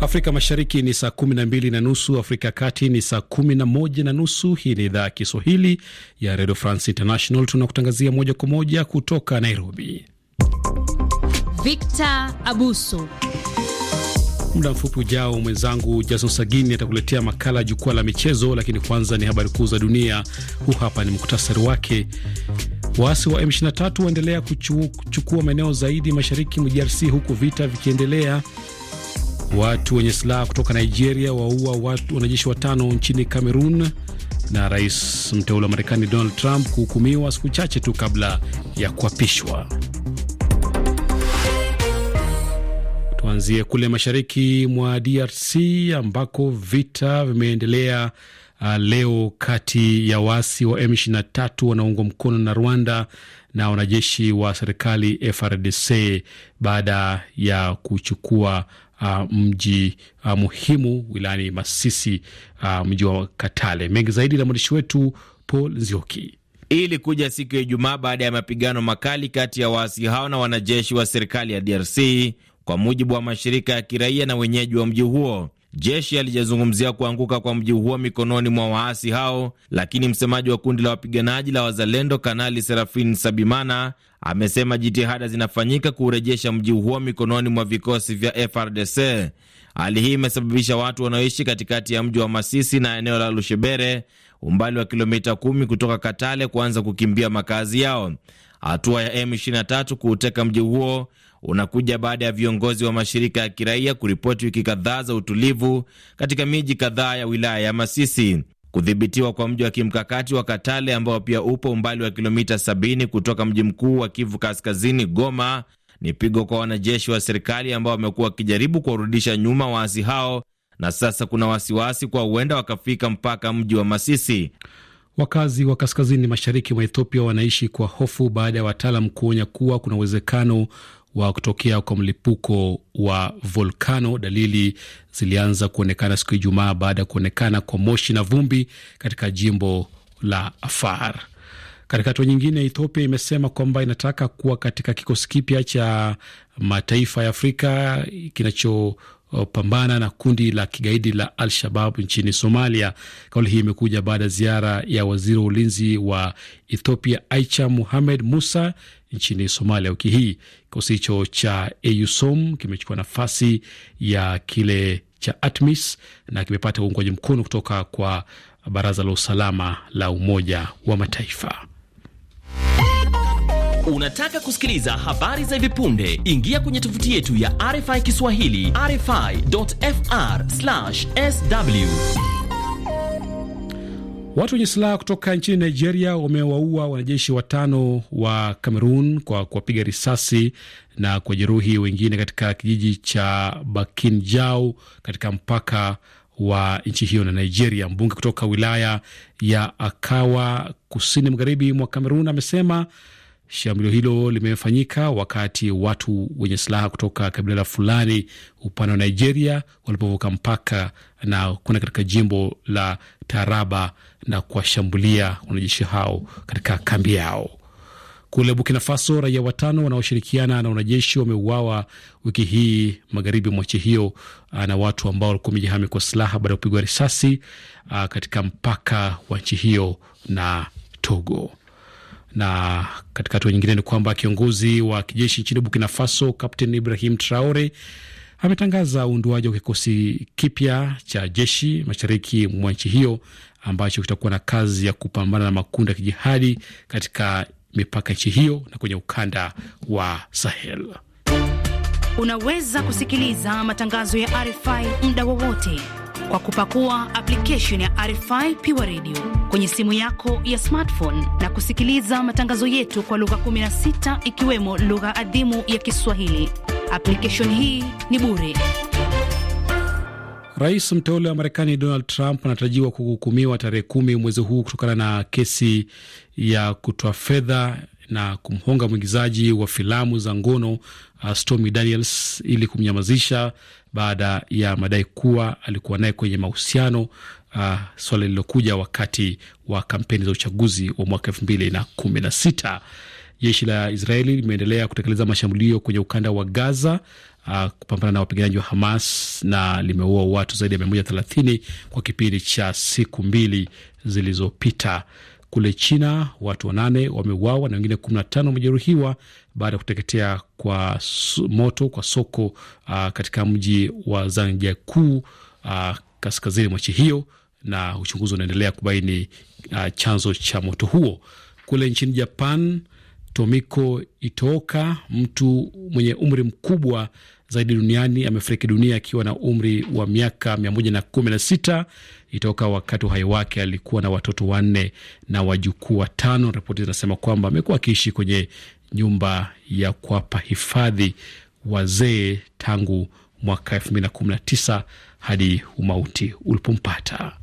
Afrika Mashariki ni saa kumi na mbili na nusu, Afrika ya Kati ni saa kumi na moja na nusu. Hii ni idhaa ya Kiswahili ya Radio France International, tunakutangazia moja kwa moja kutoka Nairobi. Victor Abuso. Muda mfupi ujao mwenzangu Jason Sagini atakuletea makala ya jukwaa la michezo, lakini kwanza ni habari kuu za dunia. Huu hapa ni muktasari wake. Waasi wa M23 waendelea kuchukua maeneo zaidi mashariki mwa DRC huku vita vikiendelea. Watu wenye silaha kutoka Nigeria waua watu wanajeshi watano nchini Cameroon, na rais mteule wa Marekani Donald Trump kuhukumiwa siku chache tu kabla ya kuapishwa. Tuanzie kule mashariki mwa DRC ambako vita vimeendelea uh, leo kati ya waasi wa M23 wanaungwa mkono na Rwanda na wanajeshi wa serikali FRDC baada ya kuchukua uh, mji uh, muhimu wilayani Masisi, uh, mji wa Katale. Mengi zaidi na mwandishi wetu Paul Nzioki. Ilikuja siku ya Ijumaa baada ya mapigano makali kati ya waasi hao na wanajeshi wa serikali ya DRC, kwa mujibu wa mashirika ya kiraia na wenyeji wa mji huo. Jeshi alijazungumzia kuanguka kwa mji huo mikononi mwa waasi hao, lakini msemaji wa kundi la wapiganaji la Wazalendo Kanali Serafin Sabimana amesema jitihada zinafanyika kuurejesha mji huo mikononi mwa vikosi vya FRDC. Hali hii imesababisha watu wanaoishi katikati ya mji wa Masisi na eneo la Lushebere, umbali wa kilomita kumi kutoka Katale, kuanza kukimbia makazi yao. Hatua ya M23 kuuteka mji huo unakuja baada ya viongozi wa mashirika ya kiraia kuripoti wiki kadhaa za utulivu katika miji kadhaa ya wilaya ya Masisi. Kudhibitiwa kwa mji wa kimkakati wa Katale ambao pia upo umbali wa kilomita 70 kutoka mji mkuu wa Kivu Kaskazini, Goma, ni pigo kwa wanajeshi wa serikali ambao wamekuwa wakijaribu kuwarudisha nyuma waasi hao, na sasa kuna wasiwasi kwa huenda wakafika mpaka mji wa Masisi. Wakazi wa kaskazini mashariki mwa Ethiopia wanaishi kwa hofu baada ya wataalam kuonya kuwa kuna uwezekano wa kutokea kwa mlipuko wa volkano. Dalili zilianza kuonekana siku ya Ijumaa baada ya kuonekana kwa moshi na vumbi katika jimbo la Afar. Katika hatua nyingine, Ethiopia imesema kwamba inataka kuwa katika kikosi kipya cha mataifa ya Afrika kinacho Uh, pambana na kundi la kigaidi la Al-Shabab nchini Somalia. Kauli hii imekuja baada ya ziara ya waziri wa ulinzi wa Ethiopia Aicha Muhamed Musa nchini Somalia wiki hii. Kikosi hicho cha EUSOM kimechukua nafasi ya kile cha ATMIS na kimepata uungwaji mkono kutoka kwa Baraza la Usalama la Umoja wa Mataifa. Unataka kusikiliza habari za hivi punde? Ingia kwenye tovuti yetu ya RFI Kiswahili, rfi.fr/sw. Watu wenye silaha kutoka nchini Nigeria wamewaua wanajeshi watano wa Cameroon kwa kuwapiga risasi na jeruhi wengine katika kijiji cha Bakinjau katika mpaka wa nchi hiyo na Nigeria. Mbunge kutoka wilaya ya Akawa kusini magharibi mwa cameroon amesema Shambulio hilo limefanyika wakati watu wenye silaha kutoka kabila la Fulani upande wa Nigeria walipovuka mpaka na kuenda katika jimbo la Taraba na kuwashambulia wanajeshi hao katika kambi yao. Kule Burkina Faso, raia watano wanaoshirikiana na wanajeshi wameuawa wiki hii magharibi mwa nchi hiyo ah, na watu ambao walikuwa wamejihami kwa silaha baada ya kupigwa risasi ah, katika mpaka wa nchi hiyo na Togo. Na katika hatua nyingine ni kwamba kiongozi wa kijeshi nchini Burkina Faso kapten Ibrahim Traore ametangaza uunduaji wa kikosi kipya cha jeshi mashariki mwa nchi hiyo ambacho kitakuwa na kazi ya kupambana na makundi ya kijihadi katika mipaka nchi hiyo na kwenye ukanda wa Sahel. Unaweza kusikiliza matangazo ya RFI muda wowote kwa kupakua application ya RFI Pure Radio kwenye simu yako ya smartphone na kusikiliza matangazo yetu kwa lugha 16 ikiwemo lugha adhimu ya Kiswahili. Application hii ni bure. Rais mteule wa Marekani Donald Trump anatarajiwa kuhukumiwa tarehe kumi mwezi huu kutokana na kesi ya kutoa fedha na kumhonga mwigizaji wa filamu za ngono uh, Stormy Daniels ili kumnyamazisha baada ya madai kuwa alikuwa naye kwenye mahusiano uh, swala lililokuja wakati wa kampeni za uchaguzi wa mwaka elfu mbili na kumi na sita. Jeshi la Israeli limeendelea kutekeleza mashambulio kwenye ukanda wa Gaza uh, kupambana na wapiganaji wa Hamas na limeua watu zaidi ya thelathini kwa kipindi cha siku mbili zilizopita. Kule China watu wanane wameuawa na wengine 15 wamejeruhiwa baada ya kuteketea kwa moto kwa soko uh, katika mji wa Zangjiakou uh, ah, kaskazini mwa nchi hiyo, na uchunguzi unaendelea kubaini uh, chanzo cha moto huo. Kule nchini Japan, Tomiko Itooka, mtu mwenye umri mkubwa zaidi duniani amefariki dunia akiwa na umri wa miaka 116 itoka wakati uhai wake. Alikuwa na watoto wanne na wajukuu watano. Ripoti zinasema kwamba amekuwa akiishi kwenye nyumba ya kuwapa hifadhi wazee tangu mwaka 2019 hadi umauti ulipompata.